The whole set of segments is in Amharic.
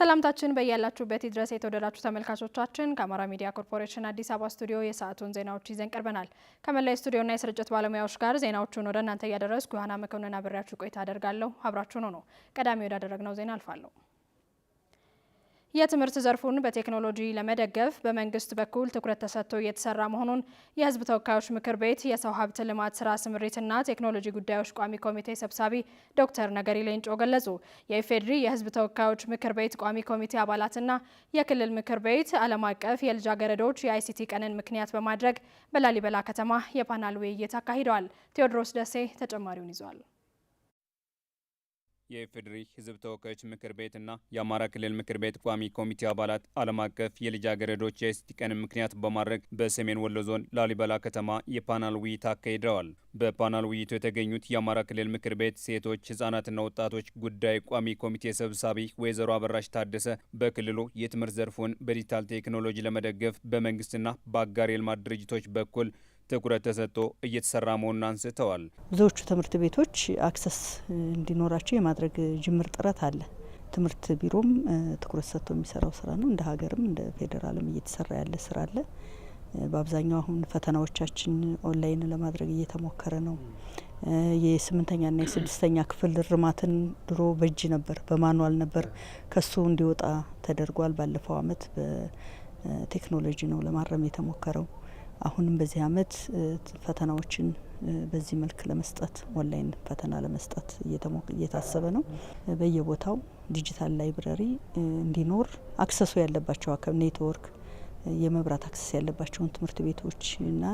ሰላምታችን በያላችሁበት ድረስ የተወደዳችሁ ተመልካቾቻችን። ከአማራ ሚዲያ ኮርፖሬሽን አዲስ አበባ ስቱዲዮ የሰዓቱን ዜናዎች ይዘን ቀርበናል። ከመላይ ስቱዲዮና የስርጭት ባለሙያዎች ጋር ዜናዎቹን ወደ እናንተ እያደረስኩ ዮሐና መኮንን አብሬያችሁ ቆይታ አደርጋለሁ። አብራችሁን ሆኖ ቀዳሚ ወዳደረግነው ዜና አልፋለሁ። የትምህርት ዘርፉን በቴክኖሎጂ ለመደገፍ በመንግስት በኩል ትኩረት ተሰጥቶ እየተሰራ መሆኑን የህዝብ ተወካዮች ምክር ቤት የሰው ሀብት ልማት ስራ ስምሪትና ቴክኖሎጂ ጉዳዮች ቋሚ ኮሚቴ ሰብሳቢ ዶክተር ነገሪ ሌንጮ ገለጹ። የኢፌዴሪ የህዝብ ተወካዮች ምክር ቤት ቋሚ ኮሚቴ አባላትና የክልል ምክር ቤት ዓለም አቀፍ የልጃገረዶች የአይሲቲ ቀንን ምክንያት በማድረግ በላሊበላ ከተማ የፓናል ውይይት አካሂደዋል። ቴዎድሮስ ደሴ ተጨማሪውን ይዟል። የኢፌዴሪ ህዝብ ተወካዮች ምክር ቤትና የአማራ ክልል ምክር ቤት ቋሚ ኮሚቴ አባላት ዓለም አቀፍ የልጃገረዶች የሴት ቀን ምክንያት በማድረግ በሰሜን ወሎ ዞን ላሊበላ ከተማ የፓናል ውይይት አካሂደዋል። በፓናል ውይይቱ የተገኙት የአማራ ክልል ምክር ቤት ሴቶች ህጻናትና ወጣቶች ጉዳይ ቋሚ ኮሚቴ ሰብሳቢ ወይዘሮ አበራሽ ታደሰ በክልሉ የትምህርት ዘርፉን በዲጂታል ቴክኖሎጂ ለመደገፍ በመንግስትና በአጋር የልማት ድርጅቶች በኩል ትኩረት ተሰጥቶ እየተሰራ መሆኑን አንስተዋል። ብዙዎቹ ትምህርት ቤቶች አክሰስ እንዲኖራቸው የማድረግ ጅምር ጥረት አለ። ትምህርት ቢሮም ትኩረት ሰጥቶ የሚሰራው ስራ ነው። እንደ ሀገርም እንደ ፌዴራልም እየተሰራ ያለ ስራ አለ። በአብዛኛው አሁን ፈተናዎቻችን ኦንላይን ለማድረግ እየተሞከረ ነው። የስምንተኛና የስድስተኛ ክፍል እርማትን ድሮ በእጅ ነበር፣ በማኑዋል ነበር። ከሱ እንዲወጣ ተደርጓል። ባለፈው አመት በቴክኖሎጂ ነው ለማረም የተሞከረው። አሁንም በዚህ አመት ፈተናዎችን በዚህ መልክ ለመስጠት ኦንላይን ፈተና ለመስጠት እየታሰበ ነው። በየቦታው ዲጂታል ላይብረሪ እንዲኖር አክሰሱ ያለባቸው ኔትወርክ፣ የመብራት አክሰስ ያለባቸውን ትምህርት ቤቶች እና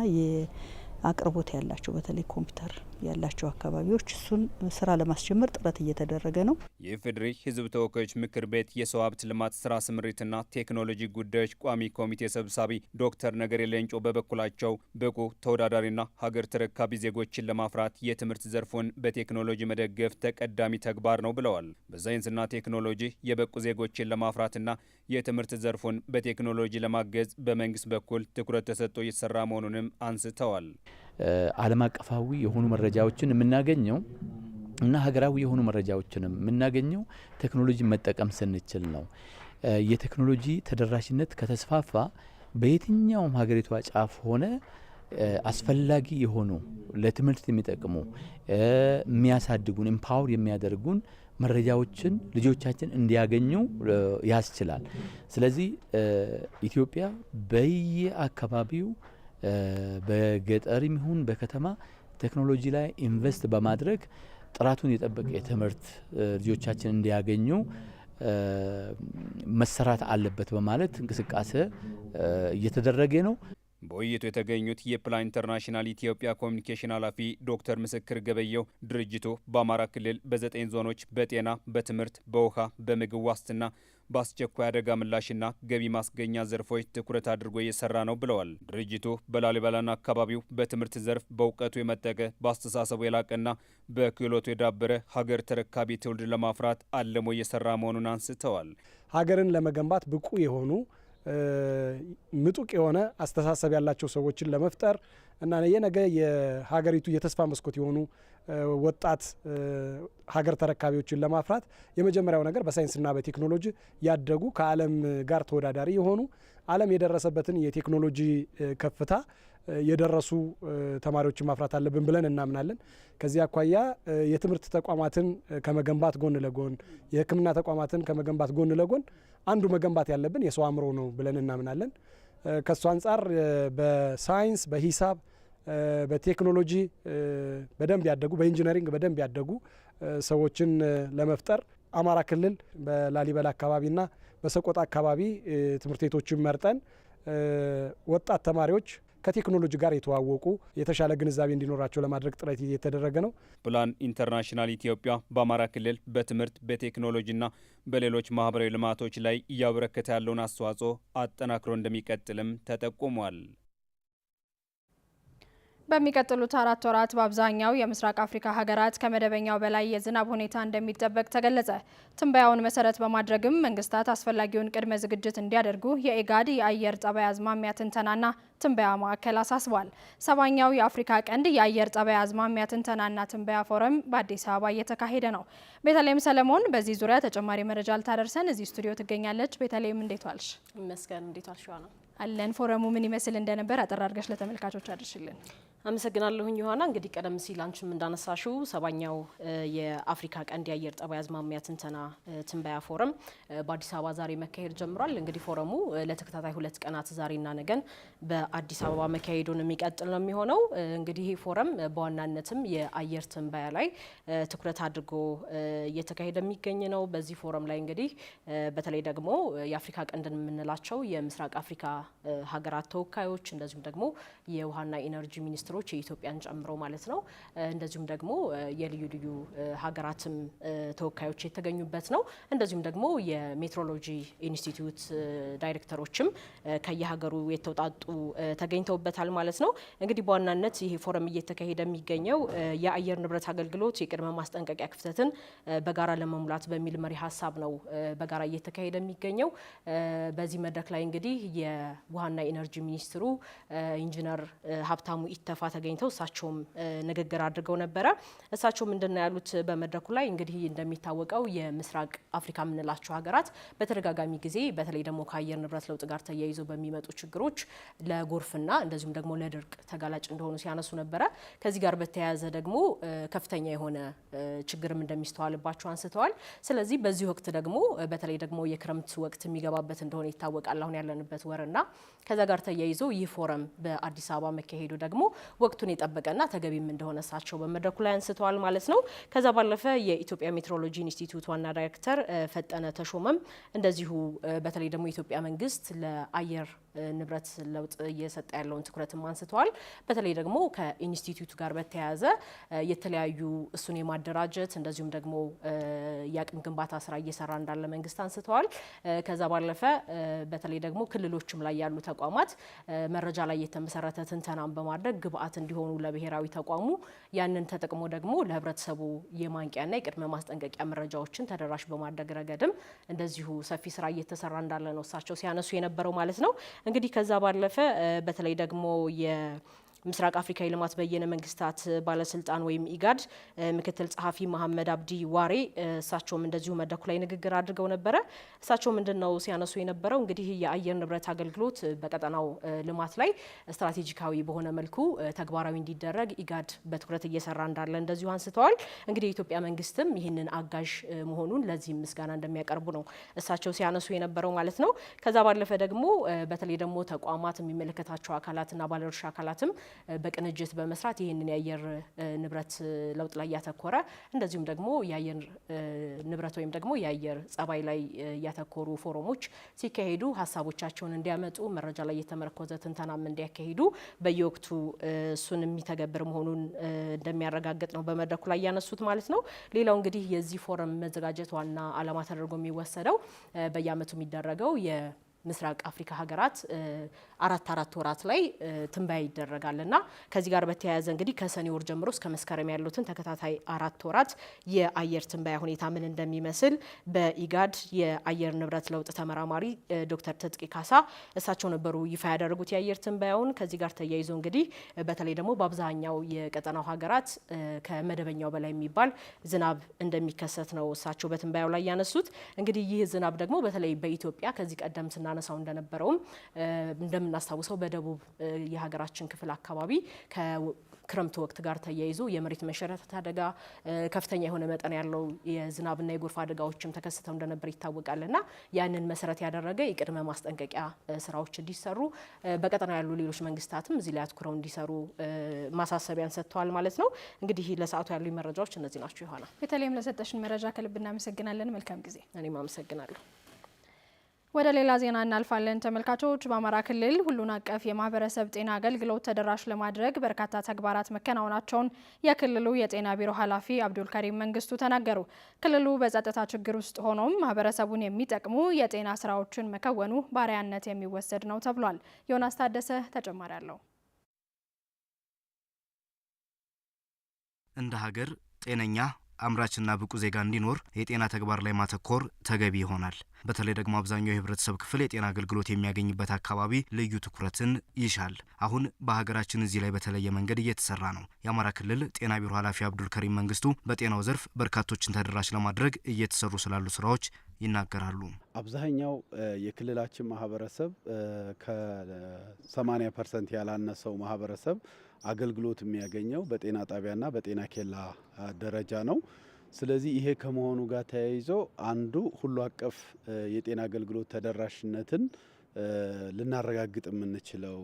አቅርቦት ያላቸው በተለይ ኮምፒውተር ያላቸው አካባቢዎች እሱን ስራ ለማስጀመር ጥረት እየተደረገ ነው። የኢፌዴሪ ህዝብ ተወካዮች ምክር ቤት የሰው ሀብት ልማት ስራ ስምሪትና ቴክኖሎጂ ጉዳዮች ቋሚ ኮሚቴ ሰብሳቢ ዶክተር ነገሪ ሌንጮ በበኩላቸው ብቁ ተወዳዳሪና ሀገር ተረካቢ ዜጎችን ለማፍራት የትምህርት ዘርፉን በቴክኖሎጂ መደገፍ ተቀዳሚ ተግባር ነው ብለዋል። በሳይንስና ቴክኖሎጂ የበቁ ዜጎችን ለማፍራትና የትምህርት ዘርፉን በቴክኖሎጂ ለማገዝ በመንግስት በኩል ትኩረት ተሰጥቶ እየተሰራ መሆኑንም አንስተዋል። ዓለም አቀፋዊ የሆኑ መረጃዎችን የምናገኘው እና ሀገራዊ የሆኑ መረጃዎችንም የምናገኘው ቴክኖሎጂ መጠቀም ስንችል ነው። የቴክኖሎጂ ተደራሽነት ከተስፋፋ በየትኛውም ሀገሪቷ ጫፍ ሆነ አስፈላጊ የሆኑ ለትምህርት የሚጠቅሙ የሚያሳድጉን ኢምፓወር የሚያደርጉን መረጃዎችን ልጆቻችን እንዲያገኙ ያስችላል። ስለዚህ ኢትዮጵያ በየአካባቢው በገጠርም ይሁን በከተማ ቴክኖሎጂ ላይ ኢንቨስት በማድረግ ጥራቱን የጠበቀ የትምህርት ልጆቻችን እንዲያገኙ መሰራት አለበት በማለት እንቅስቃሴ እየተደረገ ነው። በውይይቱ የተገኙት የፕላን ኢንተርናሽናል ኢትዮጵያ ኮሚኒኬሽን ኃላፊ ዶክተር ምስክር ገበየው ድርጅቱ በአማራ ክልል በዘጠኝ ዞኖች በጤና፣ በትምህርት፣ በውሃ፣ በምግብ ዋስትና በአስቸኳይ አደጋ ምላሽና ገቢ ማስገኛ ዘርፎች ትኩረት አድርጎ እየሰራ ነው ብለዋል። ድርጅቱ በላሊበላና አካባቢው በትምህርት ዘርፍ በእውቀቱ የመጠቀ በአስተሳሰቡ የላቀና በክህሎቱ የዳበረ ሀገር ተረካቢ ትውልድ ለማፍራት አልሞ እየሰራ መሆኑን አንስተዋል። ሀገርን ለመገንባት ብቁ የሆኑ ምጡቅ የሆነ አስተሳሰብ ያላቸው ሰዎችን ለመፍጠር እና የነገ የሀገሪቱ የተስፋ መስኮት የሆኑ ወጣት ሀገር ተረካቢዎችን ለማፍራት የመጀመሪያው ነገር በሳይንስና በቴክኖሎጂ ያደጉ ከዓለም ጋር ተወዳዳሪ የሆኑ ዓለም የደረሰበትን የቴክኖሎጂ ከፍታ የደረሱ ተማሪዎችን ማፍራት አለብን ብለን እናምናለን። ከዚህ አኳያ የትምህርት ተቋማትን ከመገንባት ጎን ለጎን የሕክምና ተቋማትን ከመገንባት ጎን ለጎን አንዱ መገንባት ያለብን የሰው አእምሮ ነው ብለን እናምናለን። ከእሱ አንጻር በሳይንስ በሂሳብ በቴክኖሎጂ በደንብ ያደጉ በኢንጂነሪንግ በደንብ ያደጉ ሰዎችን ለመፍጠር አማራ ክልል በላሊበላ አካባቢና በሰቆጣ አካባቢ ትምህርት ቤቶችን መርጠን ወጣት ተማሪዎች ከቴክኖሎጂ ጋር የተዋወቁ የተሻለ ግንዛቤ እንዲኖራቸው ለማድረግ ጥረት የተደረገ ነው። ፕላን ኢንተርናሽናል ኢትዮጵያ በአማራ ክልል በትምህርት በቴክኖሎጂና በሌሎች ማህበራዊ ልማቶች ላይ እያበረከተ ያለውን አስተዋጽኦ አጠናክሮ እንደሚቀጥልም ተጠቁሟል። በሚቀጥሉት አራት ወራት በአብዛኛው የምስራቅ አፍሪካ ሀገራት ከመደበኛው በላይ የዝናብ ሁኔታ እንደሚጠበቅ ተገለጸ። ትንበያውን መሰረት በማድረግም መንግስታት አስፈላጊውን ቅድመ ዝግጅት እንዲያደርጉ የኢጋድ የአየር ጠባይ አዝማሚያ ትንተናና ትንበያ ማዕከል አሳስቧል። ሰባኛው የአፍሪካ ቀንድ የአየር ጠባይ አዝማሚያ ትንተናና ትንበያ ፎረም በአዲስ አበባ እየተካሄደ ነው። ቤተልሔም ሰለሞን በዚህ ዙሪያ ተጨማሪ መረጃ ልታደርሰን እዚህ ስቱዲዮ ትገኛለች። ቤተልሔም እንዴት ዋልሽ? መስገን እንዴት ዋልሽ? አለን። ፎረሙ ምን ይመስል እንደነበር አጠር አድርገሽ ለተመልካቾች አድርሽልን። አመሰግናለሁኝ ዮሐና። እንግዲህ ቀደም ሲል አንቺም እንዳነሳሽው ሰባኛው የአፍሪካ ቀንድ የአየር ጠባይ አዝማሚያ ትንተና ትንበያ ፎረም በአዲስ አበባ ዛሬ መካሄድ ጀምሯል። እንግዲህ ፎረሙ ለተከታታይ ሁለት ቀናት ዛሬና ነገን በአዲስ አበባ መካሄዱን የሚቀጥል ነው የሚሆነው። እንግዲህ ይህ ፎረም በዋናነትም የአየር ትንበያ ላይ ትኩረት አድርጎ እየተካሄደ የሚገኝ ነው። በዚህ ፎረም ላይ እንግዲህ በተለይ ደግሞ የአፍሪካ ቀንድን የምንላቸው የምስራቅ አፍሪካ ሀገራት ተወካዮች እንደዚሁም ደግሞ የውሃና ኢነርጂ ሚኒስትሮች የኢትዮጵያን ጨምሮ ማለት ነው እንደዚሁም ደግሞ የልዩ ልዩ ሀገራትም ተወካዮች የተገኙበት ነው። እንደዚሁም ደግሞ የሜትሮሎጂ ኢንስቲትዩት ዳይሬክተሮችም ከየሀገሩ የተውጣጡ ተገኝተውበታል ማለት ነው። እንግዲህ በዋናነት ይሄ ፎረም እየተካሄደ የሚገኘው የአየር ንብረት አገልግሎት የቅድመ ማስጠንቀቂያ ክፍተትን በጋራ ለመሙላት በሚል መሪ ሀሳብ ነው በጋራ እየተካሄደ የሚገኘው። በዚህ መድረክ ላይ እንግዲህ ውሃና ኢነርጂ ሚኒስትሩ ኢንጂነር ሀብታሙ ኢተፋ ተገኝተው እሳቸውም ንግግር አድርገው ነበረ። እሳቸው ምንድነው ያሉት በመድረኩ ላይ እንግዲህ እንደሚታወቀው የምስራቅ አፍሪካ የምንላቸው ሀገራት በተደጋጋሚ ጊዜ በተለይ ደግሞ ከአየር ንብረት ለውጥ ጋር ተያይዞ በሚመጡ ችግሮች ለጎርፍና እንደዚሁም ደግሞ ለድርቅ ተጋላጭ እንደሆኑ ሲያነሱ ነበረ። ከዚህ ጋር በተያያዘ ደግሞ ከፍተኛ የሆነ ችግርም እንደሚስተዋልባቸው አንስተዋል። ስለዚህ በዚህ ወቅት ደግሞ በተለይ ደግሞ የክረምት ወቅት የሚገባበት እንደሆነ ይታወቃል። አሁን ያለንበት ወርና ከዛ ጋር ተያይዞ ይህ ፎረም በአዲስ አበባ መካሄዱ ደግሞ ወቅቱን የጠበቀና ተገቢም እንደሆነ እሳቸው በመድረኩ ላይ አንስተዋል ማለት ነው። ከዛ ባለፈ የኢትዮጵያ ሜትሮሎጂ ኢንስቲትዩት ዋና ዳይሬክተር ፈጠነ ተሾመም እንደዚሁ በተለይ ደግሞ የኢትዮጵያ መንግስት ለአየር ንብረት ለውጥ እየሰጠ ያለውን ትኩረትም አንስተዋል። በተለይ ደግሞ ከኢንስቲትዩቱ ጋር በተያያዘ የተለያዩ እሱን የማደራጀት እንደዚሁም ደግሞ የአቅም ግንባታ ስራ እየሰራ እንዳለ መንግስት አንስተዋል። ከዛ ባለፈ በተለይ ደግሞ ክልሎችም ላይ ያሉ ተቋማት መረጃ ላይ የተመሰረተ ትንተናን በማድረግ ግብአት እንዲሆኑ ለብሔራዊ ተቋሙ ያንን ተጠቅሞ ደግሞ ለህብረተሰቡ የማንቂያና የቅድመ ማስጠንቀቂያ መረጃዎችን ተደራሽ በማድረግ ረገድም እንደዚሁ ሰፊ ስራ እየተሰራ እንዳለ ነው እሳቸው ሲያነሱ የነበረው ማለት ነው። እንግዲህ ከዛ ባለፈ በተለይ ደግሞ ምስራቅ አፍሪካ የልማት በየነ መንግስታት ባለስልጣን ወይም ኢጋድ ምክትል ጸሐፊ መሐመድ አብዲ ዋሬ እሳቸውም እንደዚሁ መድረኩ ላይ ንግግር አድርገው ነበረ። እሳቸው ምንድን ነው ሲያነሱ የነበረው እንግዲህ የአየር ንብረት አገልግሎት በቀጠናው ልማት ላይ ስትራቴጂካዊ በሆነ መልኩ ተግባራዊ እንዲደረግ ኢጋድ በትኩረት እየሰራ እንዳለ እንደዚሁ አንስተዋል። እንግዲህ የኢትዮጵያ መንግስትም ይህንን አጋዥ መሆኑን ለዚህም ምስጋና እንደሚያቀርቡ ነው እሳቸው ሲያነሱ የነበረው ማለት ነው። ከዛ ባለፈ ደግሞ በተለይ ደግሞ ተቋማት የሚመለከታቸው አካላትና ባለድርሻ አካላትም በቅንጅት በመስራት ይህንን የአየር ንብረት ለውጥ ላይ ያተኮረ እንደዚሁም ደግሞ የአየር ንብረት ወይም ደግሞ የአየር ጸባይ ላይ ያተኮሩ ፎረሞች ሲካሄዱ ሀሳቦቻቸውን እንዲያመጡ መረጃ ላይ የተመረኮዘ ትንተናም እንዲያካሂዱ በየወቅቱ እሱን የሚተገብር መሆኑን እንደሚያረጋግጥ ነው በመድረኩ ላይ ያነሱት ማለት ነው። ሌላው እንግዲህ የዚህ ፎረም መዘጋጀት ዋና ዓላማ ተደርጎ የሚወሰደው በየአመቱ የሚደረገው ምስራቅ አፍሪካ ሀገራት አራት አራት ወራት ላይ ትንበያ ይደረጋል እና ከዚህ ጋር በተያያዘ እንግዲህ ከሰኔ ወር ጀምሮ እስከ መስከረም ያሉትን ተከታታይ አራት ወራት የአየር ትንበያ ሁኔታ ምን እንደሚመስል በኢጋድ የአየር ንብረት ለውጥ ተመራማሪ ዶክተር ትጥቂ ካሳ እሳቸው ነበሩ ይፋ ያደረጉት የአየር ትንበያውን። ከዚህ ጋር ተያይዞ እንግዲህ በተለይ ደግሞ በአብዛኛው የቀጠናው ሀገራት ከመደበኛው በላይ የሚባል ዝናብ እንደሚከሰት ነው እሳቸው በትንበያው ላይ ያነሱት። እንግዲህ ይህ ዝናብ ደግሞ በተለይ በኢትዮጵያ ከዚህ ቀደም ስና ስናነሳው እንደነበረውም እንደምናስታውሰው በደቡብ የሀገራችን ክፍል አካባቢ ክረምት ወቅት ጋር ተያይዞ የመሬት መሸረተት አደጋ ከፍተኛ የሆነ መጠን ያለው የዝናብና የጎርፍ አደጋዎችም ተከስተው እንደነበር ይታወቃልና ያንን መሰረት ያደረገ የቅድመ ማስጠንቀቂያ ስራዎች እንዲሰሩ በቀጠና ያሉ ሌሎች መንግስታትም እዚህ ላይ አትኩረው እንዲሰሩ ማሳሰቢያን ሰጥተዋል ማለት ነው። እንግዲህ ለሰዓቱ ያሉ መረጃዎች እነዚህ ናቸው። ይሆናል። በተለይም ለሰጠሽን መረጃ ከልብ እናመሰግናለን። መልካም ጊዜ። እኔም አመሰግናለሁ። ወደ ሌላ ዜና እናልፋለን ተመልካቾች። በአማራ ክልል ሁሉን አቀፍ የማህበረሰብ ጤና አገልግሎት ተደራሽ ለማድረግ በርካታ ተግባራት መከናወናቸውን የክልሉ የጤና ቢሮ ኃላፊ አብዱልከሪም መንግስቱ ተናገሩ። ክልሉ በጸጥታ ችግር ውስጥ ሆኖም ማህበረሰቡን የሚጠቅሙ የጤና ስራዎችን መከወኑ ባሪያነት የሚወሰድ ነው ተብሏል። ዮናስ ታደሰ ተጨማሪ አለው። እንደ ሀገር ጤነኛ አምራችና ብቁ ዜጋ እንዲኖር የጤና ተግባር ላይ ማተኮር ተገቢ ይሆናል። በተለይ ደግሞ አብዛኛው የህብረተሰብ ክፍል የጤና አገልግሎት የሚያገኝበት አካባቢ ልዩ ትኩረትን ይሻል። አሁን በሀገራችን እዚህ ላይ በተለየ መንገድ እየተሰራ ነው። የአማራ ክልል ጤና ቢሮ ኃላፊ አብዱልከሪም መንግስቱ በጤናው ዘርፍ በርካቶችን ተደራሽ ለማድረግ እየተሰሩ ስላሉ ስራዎች ይናገራሉ። አብዛኛው የክልላችን ማህበረሰብ ከ80 ፐርሰንት ያላነሰው ማህበረሰብ አገልግሎት የሚያገኘው በጤና ጣቢያና በጤና ኬላ ደረጃ ነው። ስለዚህ ይሄ ከመሆኑ ጋር ተያይዞ አንዱ ሁሉ አቀፍ የጤና አገልግሎት ተደራሽነትን ልናረጋግጥ የምንችለው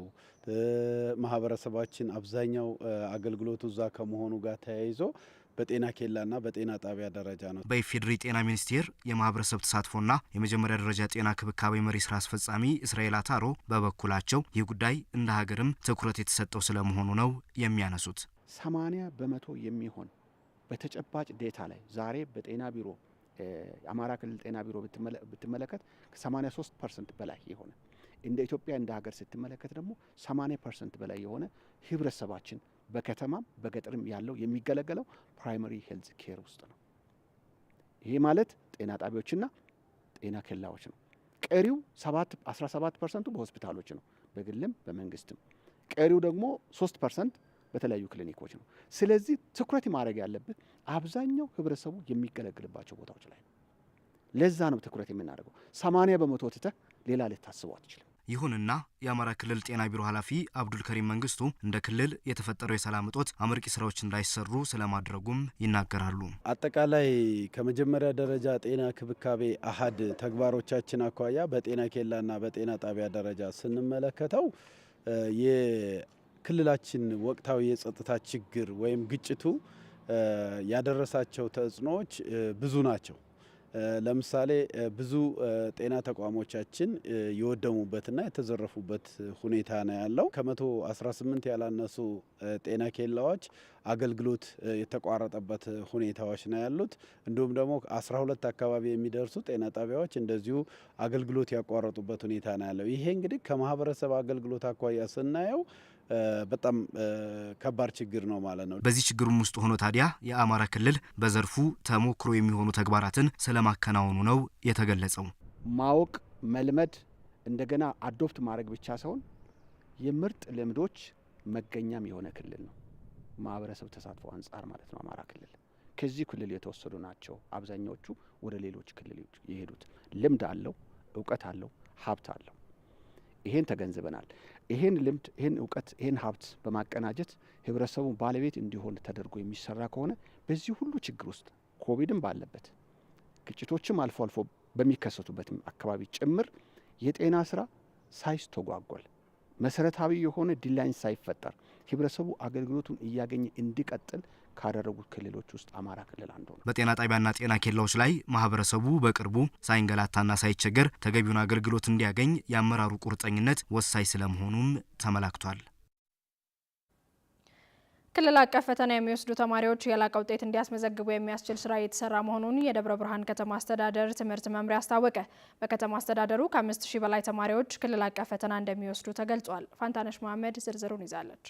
ማህበረሰባችን አብዛኛው አገልግሎቱ እዛ ከመሆኑ ጋር ተያይዞ በጤና ኬላና በጤና ጣቢያ ደረጃ ነው። በኢፌዴሪ ጤና ሚኒስቴር የማህበረሰብ ተሳትፎና የመጀመሪያ ደረጃ ጤና ክብካቤ መሪ ስራ አስፈጻሚ እስራኤል አታሮ በበኩላቸው ይህ ጉዳይ እንደ ሀገርም ትኩረት የተሰጠው ስለመሆኑ ነው የሚያነሱት። ሰማንያ በመቶ የሚሆን በተጨባጭ ዴታ ላይ ዛሬ በጤና ቢሮ የአማራ ክልል ጤና ቢሮ ብትመለከት ከ83 ፐርሰንት በላይ የሆነ እንደ ኢትዮጵያ እንደ ሀገር ስትመለከት ደግሞ 80 ፐርሰንት በላይ የሆነ ህብረተሰባችን በከተማም በገጠርም ያለው የሚገለገለው ፕራይመሪ ሄልዝ ኬር ውስጥ ነው። ይሄ ማለት ጤና ጣቢያዎችና ጤና ኬላዎች ነው። ቀሪው 17 ፐርሰንቱ በሆስፒታሎች ነው፣ በግልም በመንግስትም። ቀሪው ደግሞ 3 ፐርሰንት በተለያዩ ክሊኒኮች ነው። ስለዚህ ትኩረት ማድረግ ያለበት አብዛኛው ህብረተሰቡ የሚገለግልባቸው ቦታዎች ላይ ነው። ለዛ ነው ትኩረት የምናደርገው። 80 በመቶ ትተህ ሌላ ልታስበው አትችልም። ይሁንና የአማራ ክልል ጤና ቢሮ ኃላፊ አብዱል ከሪም መንግስቱ እንደ ክልል የተፈጠረው የሰላም እጦት አመርቂ ስራዎች እንዳይሰሩ ስለማድረጉም ይናገራሉ። አጠቃላይ ከመጀመሪያ ደረጃ ጤና ክብካቤ አሀድ ተግባሮቻችን አኳያ በጤና ኬላና በጤና ጣቢያ ደረጃ ስንመለከተው የክልላችን ወቅታዊ የጸጥታ ችግር ወይም ግጭቱ ያደረሳቸው ተጽዕኖዎች ብዙ ናቸው። ለምሳሌ ብዙ ጤና ተቋሞቻችን የወደሙበትና የተዘረፉበት ሁኔታ ነው ያለው። ከ118 ያላነሱ ጤና ኬላዎች አገልግሎት የተቋረጠበት ሁኔታዎች ነው ያሉት። እንዲሁም ደግሞ 12 አካባቢ የሚደርሱ ጤና ጣቢያዎች እንደዚሁ አገልግሎት ያቋረጡበት ሁኔታ ነው ያለው። ይሄ እንግዲህ ከማህበረሰብ አገልግሎት አኳያ ስናየው በጣም ከባድ ችግር ነው ማለት ነው። በዚህ ችግርም ውስጥ ሆኖ ታዲያ የአማራ ክልል በዘርፉ ተሞክሮ የሚሆኑ ተግባራትን ስለማከናወኑ ነው የተገለጸው። ማወቅ፣ መልመድ፣ እንደገና አዶፕት ማድረግ ብቻ ሳይሆን የምርጥ ልምዶች መገኛም የሆነ ክልል ነው። ማህበረሰብ ተሳትፎ አንጻር ማለት ነው። አማራ ክልል ከዚህ ክልል የተወሰዱ ናቸው አብዛኛዎቹ ወደ ሌሎች ክልሎች የሄዱት። ልምድ አለው፣ እውቀት አለው፣ ሀብት አለው። ይሄን ተገንዝበናል። ይሄን ልምድ ይሄን እውቀት ይሄን ሀብት በማቀናጀት ህብረተሰቡ ባለቤት እንዲሆን ተደርጎ የሚሰራ ከሆነ በዚህ ሁሉ ችግር ውስጥ ኮቪድም ባለበት ግጭቶችም አልፎ አልፎ በሚከሰቱበት አካባቢ ጭምር የጤና ስራ ሳይስተጓጎል መሰረታዊ የሆነ ዲላይን ሳይፈጠር ህብረተሰቡ አገልግሎቱን እያገኘ እንዲቀጥል ካደረጉት ክልሎች ውስጥ አማራ ክልል አንዱ ነው። በጤና ጣቢያና ጤና ኬላዎች ላይ ማህበረሰቡ በቅርቡ ሳይንገላታና ሳይቸገር ተገቢውን አገልግሎት እንዲያገኝ የአመራሩ ቁርጠኝነት ወሳኝ ስለመሆኑም ተመላክቷል። ክልል አቀፍ ፈተና የሚወስዱ ተማሪዎች የላቀ ውጤት እንዲያስመዘግቡ የሚያስችል ስራ እየተሰራ መሆኑን የደብረ ብርሃን ከተማ አስተዳደር ትምህርት መምሪያ አስታወቀ። በከተማ አስተዳደሩ ከአምስት ሺህ በላይ ተማሪዎች ክልል አቀፍ ፈተና እንደሚወስዱ ተገልጿል። ፋንታነሽ መሀመድ ዝርዝሩን ይዛለች።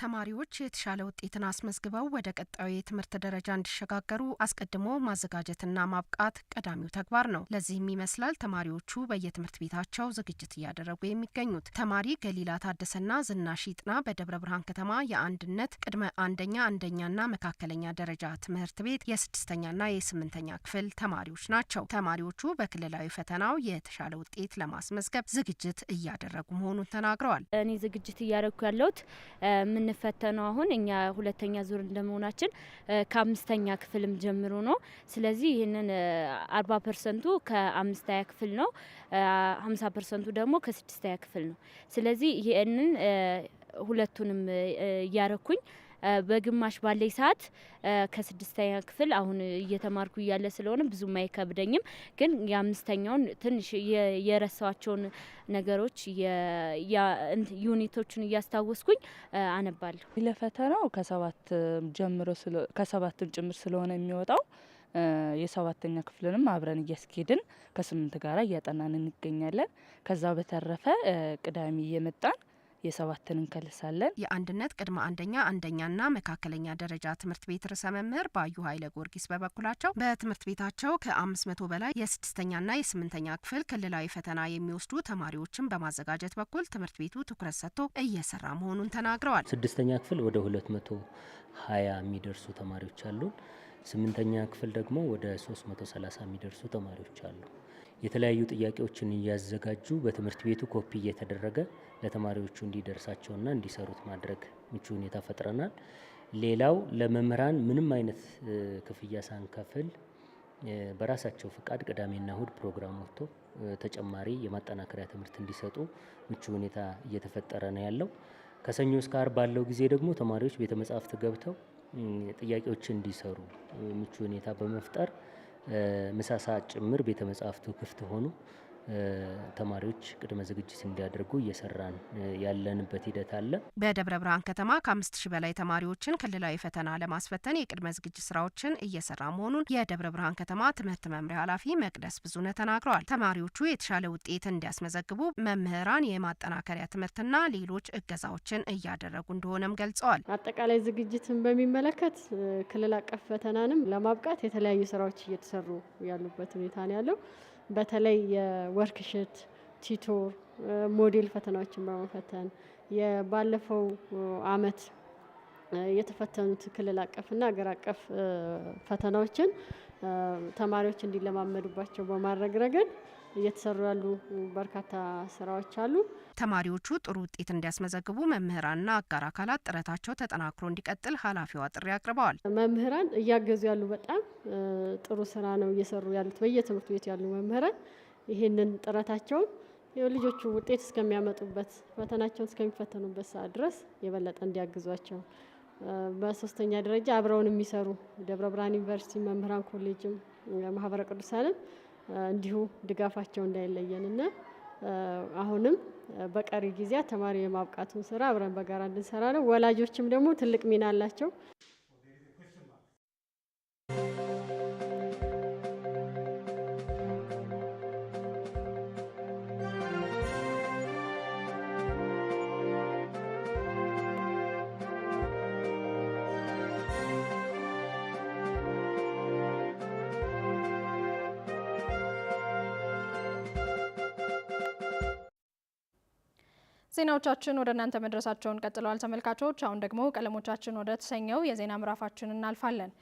ተማሪዎች የተሻለ ውጤትን አስመዝግበው ወደ ቀጣዩ የትምህርት ደረጃ እንዲሸጋገሩ አስቀድሞ ማዘጋጀትና ማብቃት ቀዳሚው ተግባር ነው። ለዚህም ይመስላል ተማሪዎቹ በየትምህርት ቤታቸው ዝግጅት እያደረጉ የሚገኙት። ተማሪ ገሊላ ታደሰና ዝናሽ ይጥና በደብረ ብርሃን ከተማ የአንድነት ቅድመ አንደኛ አንደኛና መካከለኛ ደረጃ ትምህርት ቤት የስድስተኛና የስምንተኛ ክፍል ተማሪዎች ናቸው። ተማሪዎቹ በክልላዊ ፈተናው የተሻለ ውጤት ለማስመዝገብ ዝግጅት እያደረጉ መሆኑን ተናግረዋል። እኔ ዝግጅት እያደረጉ ያለሁት የምንፈተነው አሁን እኛ ሁለተኛ ዙር እንደመሆናችን ከአምስተኛ ክፍልም ጀምሮ ነው። ስለዚህ ይህንን አርባ ፐርሰንቱ ከአምስተኛ ክፍል ነው፣ ሀምሳ ፐርሰንቱ ደግሞ ከስድስተኛ ክፍል ነው። ስለዚህ ይህንን ሁለቱንም እያረኩኝ በግማሽ ባለኝ ሰዓት ከስድስተኛ ክፍል አሁን እየተማርኩ እያለ ስለሆነ ብዙም አይከብደኝም። ግን የአምስተኛውን ትንሽ የረሳቸውን ነገሮች ዩኒቶችን እያስታወስኩኝ አነባለሁ። ለፈተናው ከሰባት ጀምሮ ከሰባትም ጭምር ስለሆነ የሚወጣው የሰባተኛ ክፍልንም አብረን እያስኬድን ከስምንት ጋር እያጠናን እንገኛለን። ከዛ በተረፈ ቅዳሜ እየመጣን የሰባትን እንከልሳለን። የአንድነት ቅድመ አንደኛ አንደኛና መካከለኛ ደረጃ ትምህርት ቤት ርዕሰ መምህር በአዩ ኃይለ ጊዮርጊስ በበኩላቸው በትምህርት ቤታቸው ከአምስት መቶ በላይ የስድስተኛና የስምንተኛ ክፍል ክልላዊ ፈተና የሚወስዱ ተማሪዎችን በማዘጋጀት በኩል ትምህርት ቤቱ ትኩረት ሰጥቶ እየሰራ መሆኑን ተናግረዋል። ስድስተኛ ክፍል ወደ ሁለት መቶ ሀያ የሚደርሱ ተማሪዎች አሉን። ስምንተኛ ክፍል ደግሞ ወደ 330 የሚደርሱ ተማሪዎች አሉ። የተለያዩ ጥያቄዎችን እያዘጋጁ በትምህርት ቤቱ ኮፒ እየተደረገ ለተማሪዎቹ እንዲደርሳቸውና እንዲሰሩት ማድረግ ምቹ ሁኔታ ፈጥረናል። ሌላው ለመምህራን ምንም አይነት ክፍያ ሳንከፍል በራሳቸው ፍቃድ ቅዳሜና እሁድ ፕሮግራም ወጥቶ ተጨማሪ የማጠናከሪያ ትምህርት እንዲሰጡ ምቹ ሁኔታ እየተፈጠረ ነው ያለው። ከሰኞ እስከ ዓርብ ባለው ጊዜ ደግሞ ተማሪዎች ቤተ መጻሕፍት ገብተው ጥያቄዎች እንዲሰሩ ምቹ ሁኔታ በመፍጠር ምሳ ሰዓት ጭምር ቤተ መጻሕፍቱ ክፍት ሆኑ። ተማሪዎች ቅድመ ዝግጅት እንዲያደርጉ እየሰራን ያለንበት ሂደት አለ። በደብረ ብርሃን ከተማ ከአምስት ሺህ በላይ ተማሪዎችን ክልላዊ ፈተና ለማስፈተን የቅድመ ዝግጅት ስራዎችን እየሰራ መሆኑን የደብረ ብርሃን ከተማ ትምህርት መምሪያ ኃላፊ መቅደስ ብዙነ ተናግረዋል። ተማሪዎቹ የተሻለ ውጤት እንዲያስመዘግቡ መምህራን የማጠናከሪያ ትምህርትና ሌሎች እገዛዎችን እያደረጉ እንደሆነም ገልጸዋል። አጠቃላይ ዝግጅትን በሚመለከት ክልል አቀፍ ፈተናንም ለማብቃት የተለያዩ ስራዎች እየተሰሩ ያሉበት ሁኔታ ነው ያለው በተለይ የወርክሽት ቲቶር ሞዴል ፈተናዎችን በመፈተን የባለፈው አመት የተፈተኑት ክልል አቀፍና አገር አቀፍ ፈተናዎችን ተማሪዎች እንዲለማመዱባቸው በማድረግ ረገድ እየተሰሩ ያሉ በርካታ ስራዎች አሉ። ተማሪዎቹ ጥሩ ውጤት እንዲያስመዘግቡ መምህራንና አጋር አካላት ጥረታቸው ተጠናክሮ እንዲቀጥል ኃላፊዋ ጥሪ አቅርበዋል። መምህራን እያገዙ ያሉ በጣም ጥሩ ስራ ነው እየሰሩ ያሉት በየትምህርት ቤት ያሉ መምህራን ይህንን ጥረታቸውን ልጆቹ ውጤት እስከሚያመጡበት ፈተናቸውን እስከሚፈተኑበት ሰዓት ድረስ የበለጠ እንዲያግዟቸው በሶስተኛ ደረጃ አብረውን የሚሰሩ ደብረ ብርሃን ዩኒቨርሲቲ መምህራን ኮሌጅም ማህበረ ቅዱሳንም እንዲሁ ድጋፋቸው እንዳይለየንና አሁንም በቀሪ ጊዜያት ተማሪ የማብቃቱን ስራ አብረን በጋራ እንድንሰራ ነው። ወላጆችም ደግሞ ትልቅ ሚና አላቸው። ዜናዎቻችን ወደ እናንተ መድረሳቸውን ቀጥለዋል ተመልካቾች። አሁን ደግሞ ቀለሞቻችን ወደ ተሰኘው የዜና ምዕራፋችን እናልፋለን።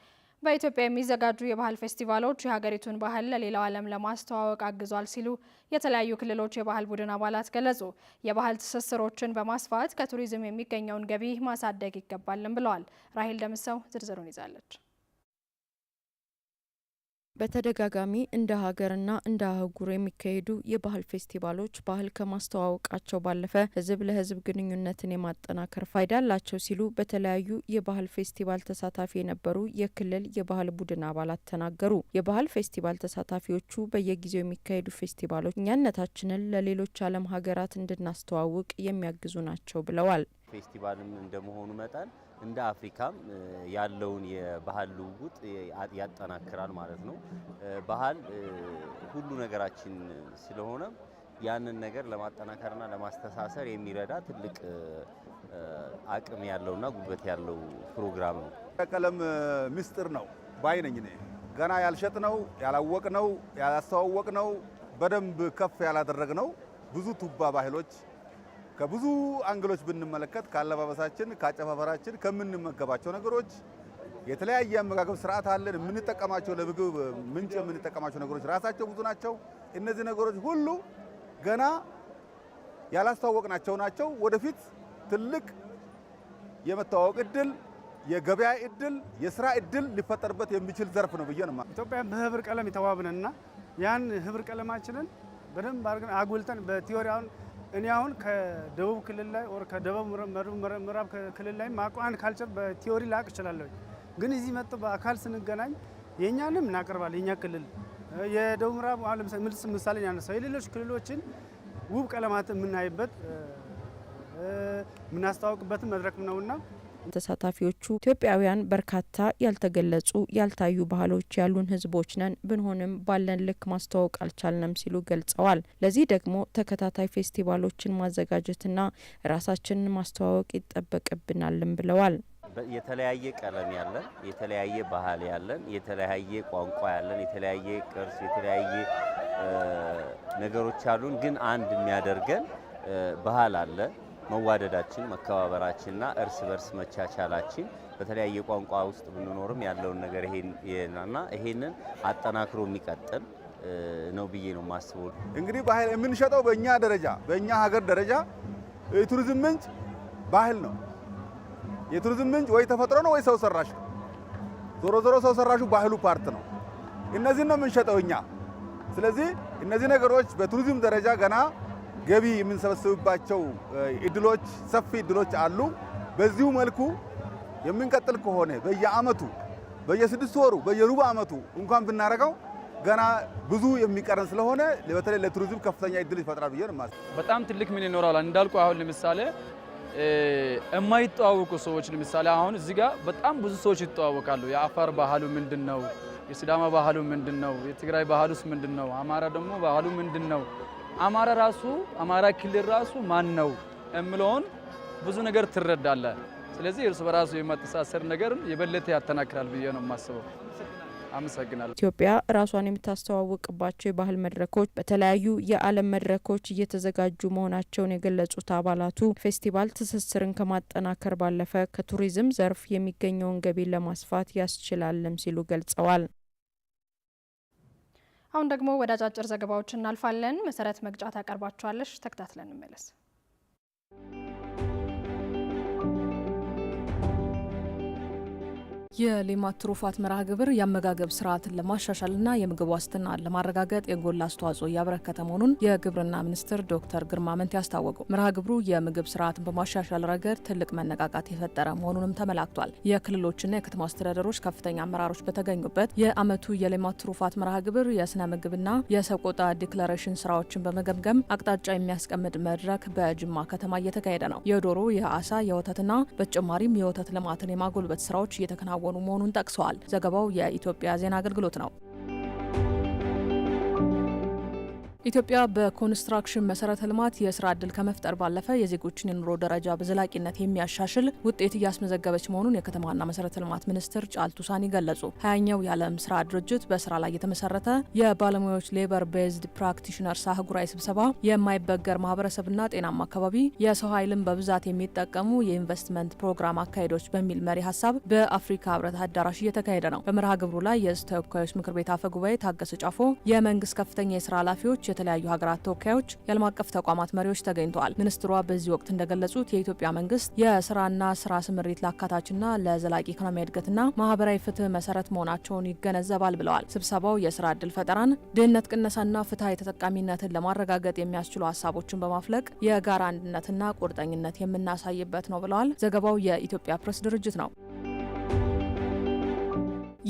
በኢትዮጵያ የሚዘጋጁ የባህል ፌስቲቫሎች የሀገሪቱን ባህል ለሌላው ዓለም ለማስተዋወቅ አግዟል ሲሉ የተለያዩ ክልሎች የባህል ቡድን አባላት ገለጹ። የባህል ትስስሮችን በማስፋት ከቱሪዝም የሚገኘውን ገቢ ማሳደግ ይገባልም ብለዋል። ራሄል ደምሰው ዝርዝሩን ይዛለች። በተደጋጋሚ እንደ ሀገርና እንደ አህጉር የሚካሄዱ የባህል ፌስቲቫሎች ባህል ከማስተዋወቃቸው ባለፈ ህዝብ ለህዝብ ግንኙነትን የማጠናከር ፋይዳ አላቸው ሲሉ በተለያዩ የባህል ፌስቲቫል ተሳታፊ የነበሩ የክልል የባህል ቡድን አባላት ተናገሩ። የባህል ፌስቲቫል ተሳታፊዎቹ በየጊዜው የሚካሄዱ ፌስቲቫሎች እኛነታችንን ለሌሎች ዓለም ሀገራት እንድናስተዋውቅ የሚያግዙ ናቸው ብለዋል። ፌስቲቫልም እንደመሆኑ መጠን እንደ አፍሪካም ያለውን የባህል ልውውጥ ያጠናክራል ማለት ነው። ባህል ሁሉ ነገራችን ስለሆነ ያንን ነገር ለማጠናከርና ለማስተሳሰር የሚረዳ ትልቅ አቅም ያለውና ጉልበት ያለው ፕሮግራም ነው። ቀለም ምስጢር ነው ባይ እኔ። ገና ያልሸጥነው፣ ያላወቅነው፣ ያላስተዋወቅነው በደንብ ከፍ ያላደረግ ነው ብዙ ቱባ ባህሎች ከብዙ አንግሎች ብንመለከት ከአለባበሳችን፣ ከአጨፋፈራችን፣ ከምንመገባቸው ነገሮች የተለያየ አመጋገብ ስርዓት አለን። የምንጠቀማቸው ለምግብ ምንጭ የምንጠቀማቸው ነገሮች ራሳቸው ብዙ ናቸው። እነዚህ ነገሮች ሁሉ ገና ያላስተዋወቅናቸው ናቸው። ወደፊት ትልቅ የመተዋወቅ እድል፣ የገበያ እድል፣ የስራ እድል ሊፈጠርበት የሚችል ዘርፍ ነው ብዬ ነው። ኢትዮጵያ በህብር ቀለም የተዋብነና ያን ህብር ቀለማችንን በደንብ አድርገን አጉልተን በቲዮሪ አሁን እኔ አሁን ከደቡብ ክልል ላይ ወር ከደቡብ ምዕራብ ክልል ላይ ማቋን ካልቸር በቲዮሪ ላቅ እችላለሁ፣ ግን እዚህ መጥቶ በአካል ስንገናኝ የእኛንም እናቀርባለን። የእኛ ክልል የደቡብ ምዕራብ ምልስ ምሳሌ ያነሳው የሌሎች ክልሎችን ውብ ቀለማት የምናይበት የምናስተዋውቅበትን መድረክ ነውና ተሳታፊዎቹ ኢትዮጵያውያን በርካታ ያልተገለጹ ያልታዩ ባህሎች ያሉን ህዝቦች ነን፣ ብንሆንም ባለን ልክ ማስተዋወቅ አልቻልንም ሲሉ ገልጸዋል። ለዚህ ደግሞ ተከታታይ ፌስቲቫሎችን ማዘጋጀትና ራሳችንን ማስተዋወቅ ይጠበቅብናልም ብለዋል። የተለያየ ቀለም ያለን፣ የተለያየ ባህል ያለን፣ የተለያየ ቋንቋ ያለን፣ የተለያየ ቅርስ፣ የተለያየ ነገሮች ያሉን ግን አንድ የሚያደርገን ባህል አለ። መዋደዳችን መከባበራችንና እርስ በርስ መቻቻላችን በተለያየ ቋንቋ ውስጥ ብንኖርም ያለውን ነገር ና ይሄንን አጠናክሮ የሚቀጥል ነው ብዬ ነው የማስበው። እንግዲህ ባህል የምንሸጠው በእኛ ደረጃ በእኛ ሀገር ደረጃ የቱሪዝም ምንጭ ባህል ነው። የቱሪዝም ምንጭ ወይ ተፈጥሮ ነው ወይ ሰው ሰራሽ ዞሮ ዞሮ ሰው ሰራሹ ባህሉ ፓርት ነው። እነዚህን ነው የምንሸጠው እኛ። ስለዚህ እነዚህ ነገሮች በቱሪዝም ደረጃ ገና ገቢ የምንሰበስብባቸው እድሎች ሰፊ እድሎች አሉ። በዚሁ መልኩ የምንቀጥል ከሆነ በየአመቱ በየስድስት ወሩ በየሩብ አመቱ እንኳን ብናደርገው ገና ብዙ የሚቀረን ስለሆነ በተለይ ለቱሪዝም ከፍተኛ እድል ይፈጥራል ብዬ ነው በጣም ትልቅ ምን ይኖራል እንዳልኩ አሁን ለምሳሌ የማይተዋወቁ ሰዎች ለምሳሌ አሁን እዚህ ጋር በጣም ብዙ ሰዎች ይተዋወቃሉ። የአፋር ባህሉ ምንድን ነው? የሲዳማ ባህሉ ምንድን ነው? የትግራይ ባህሉስ ምንድን ነው? አማራ ደግሞ ባህሉ ምንድን ነው? አማራ ራሱ አማራ ክልል ራሱ ማን ነው የምለውን ብዙ ነገር ትረዳለ። ስለዚህ እርስ በራሱ የማተሳሰር ነገር የበለጠ ያጠናክራል ብዬ ነው የማስበው። አመሰግናለሁ። ኢትዮጵያ ራሷን የምታስተዋውቅባቸው የባህል መድረኮች በተለያዩ የዓለም መድረኮች እየተዘጋጁ መሆናቸውን የገለጹት አባላቱ ፌስቲቫል ትስስርን ከማጠናከር ባለፈ ከቱሪዝም ዘርፍ የሚገኘውን ገቢ ለማስፋት ያስችላልም ሲሉ ገልጸዋል። አሁን ደግሞ ወደ አጫጭር ዘገባዎች እናልፋለን። መሰረት መግጫ ታቀርባቸዋለሽ። ተከታትለን እንመለስ። የሌማት ትሩፋት መርሃ ግብር የአመጋገብ ስርዓትን ለማሻሻልና የምግብ ዋስትና ለማረጋገጥ የጎላ አስተዋጽኦ እያበረከተ መሆኑን የግብርና ሚኒስትር ዶክተር ግርማ መንቴ አስታወቁ። መርሃ ግብሩ የምግብ ስርዓትን በማሻሻል ረገድ ትልቅ መነቃቃት የፈጠረ መሆኑንም ተመላክቷል። የክልሎችና የከተማ አስተዳደሮች ከፍተኛ አመራሮች በተገኙበት የአመቱ የሌማት ትሩፋት መርሃ ግብር የስነ ምግብና የሰቆጣ ዲክላሬሽን ስራዎችን በመገምገም አቅጣጫ የሚያስቀምጥ መድረክ በጅማ ከተማ እየተካሄደ ነው። የዶሮ የአሳ የወተትና በተጨማሪም የወተት ልማትን የማጎልበት ስራዎች እየተከናወ እየተከናወኑ መሆኑን ጠቅሰዋል። ዘገባው የኢትዮጵያ ዜና አገልግሎት ነው። ኢትዮጵያ በኮንስትራክሽን መሰረተ ልማት የስራ ዕድል ከመፍጠር ባለፈ የዜጎችን የኑሮ ደረጃ በዘላቂነት የሚያሻሽል ውጤት እያስመዘገበች መሆኑን የከተማና መሰረተ ልማት ሚኒስትር ጫልቱ ሳኒ ገለጹ። ሀያኛው የዓለም ስራ ድርጅት በስራ ላይ የተመሰረተ የባለሙያዎች ሌበር ቤዝድ ፕራክቲሽነርስ አህጉራዊ ስብሰባ የማይበገር ማህበረሰብና ጤናማ አካባቢ የሰው ኃይልን በብዛት የሚጠቀሙ የኢንቨስትመንት ፕሮግራም አካሄዶች በሚል መሪ ሀሳብ በአፍሪካ ህብረት አዳራሽ እየተካሄደ ነው። በመርሃ ግብሩ ላይ የህዝብ ተወካዮች ምክር ቤት አፈ ጉባኤ ታገሰ ጫፎ፣ የመንግስት ከፍተኛ የስራ ኃላፊዎች የተለያዩ ሀገራት ተወካዮች፣ የዓለም አቀፍ ተቋማት መሪዎች ተገኝተዋል። ሚኒስትሯ በዚህ ወቅት እንደገለጹት የኢትዮጵያ መንግስት የስራና ስራ ስምሪት ለአካታችና ለዘላቂ ኢኮኖሚያዊ እድገትና ማህበራዊ ፍትህ መሰረት መሆናቸውን ይገነዘባል ብለዋል። ስብሰባው የስራ እድል ፈጠራን፣ ድህነት ቅነሳና ፍትሐዊ ተጠቃሚነትን ለማረጋገጥ የሚያስችሉ ሀሳቦችን በማፍለቅ የጋራ አንድነትና ቁርጠኝነት የምናሳይበት ነው ብለዋል። ዘገባው የኢትዮጵያ ፕሬስ ድርጅት ነው።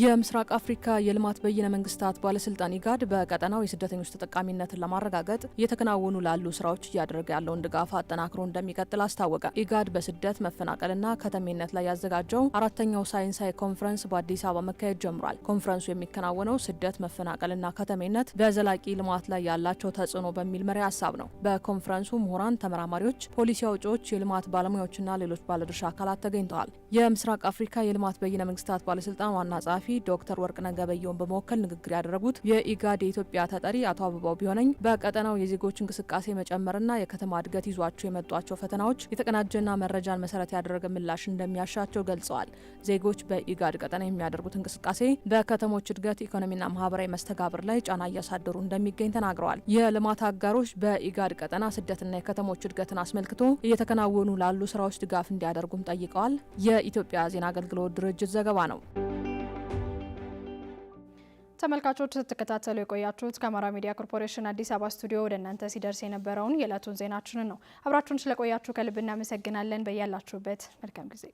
የምስራቅ አፍሪካ የልማት በይነ መንግስታት ባለስልጣን ኢጋድ በቀጠናው የስደተኞች ተጠቃሚነትን ለማረጋገጥ እየተከናወኑ ላሉ ስራዎች እያደረገ ያለውን ድጋፍ አጠናክሮ እንደሚቀጥል አስታወቀ። ኢጋድ በስደት መፈናቀልና ከተሜነት ላይ ያዘጋጀው አራተኛው ሳይንሳዊ ኮንፈረንስ በአዲስ አበባ መካሄድ ጀምሯል። ኮንፈረንሱ የሚከናወነው ስደት መፈናቀልና ከተሜነት በዘላቂ ልማት ላይ ያላቸው ተጽዕኖ በሚል መሪ ሀሳብ ነው። በኮንፈረንሱ ምሁራን፣ ተመራማሪዎች፣ ፖሊሲ አውጪዎች፣ የልማት ባለሙያዎችና ሌሎች ባለድርሻ አካላት ተገኝተዋል። የምስራቅ አፍሪካ የልማት በይነ መንግስታት ባለስልጣን ዋና ጸሐፊ ኃላፊ ዶክተር ወርቅነህ ገበየሁን በመወከል ንግግር ያደረጉት የኢጋድ የኢትዮጵያ ተጠሪ አቶ አበባው ቢሆነኝ በቀጠናው የዜጎች እንቅስቃሴ መጨመርና የከተማ እድገት ይዟቸው የመጧቸው ፈተናዎች የተቀናጀና መረጃን መሰረት ያደረገ ምላሽ እንደሚያሻቸው ገልጸዋል። ዜጎች በኢጋድ ቀጠና የሚያደርጉት እንቅስቃሴ በከተሞች እድገት፣ ኢኮኖሚና ማህበራዊ መስተጋብር ላይ ጫና እያሳደሩ እንደሚገኝ ተናግረዋል። የልማት አጋሮች በኢጋድ ቀጠና ስደትና የከተሞች እድገትን አስመልክቶ እየተከናወኑ ላሉ ስራዎች ድጋፍ እንዲያደርጉም ጠይቀዋል። የኢትዮጵያ ዜና አገልግሎት ድርጅት ዘገባ ነው። ተመልካቾች ስትከታተሉ የቆያችሁት ከአማራ ሚዲያ ኮርፖሬሽን አዲስ አበባ ስቱዲዮ ወደ እናንተ ሲደርስ የነበረውን የዕለቱን ዜናችንን ነው። አብራችሁን ስለቆያችሁ ከልብ እናመሰግናለን። በያላችሁበት መልካም ጊዜ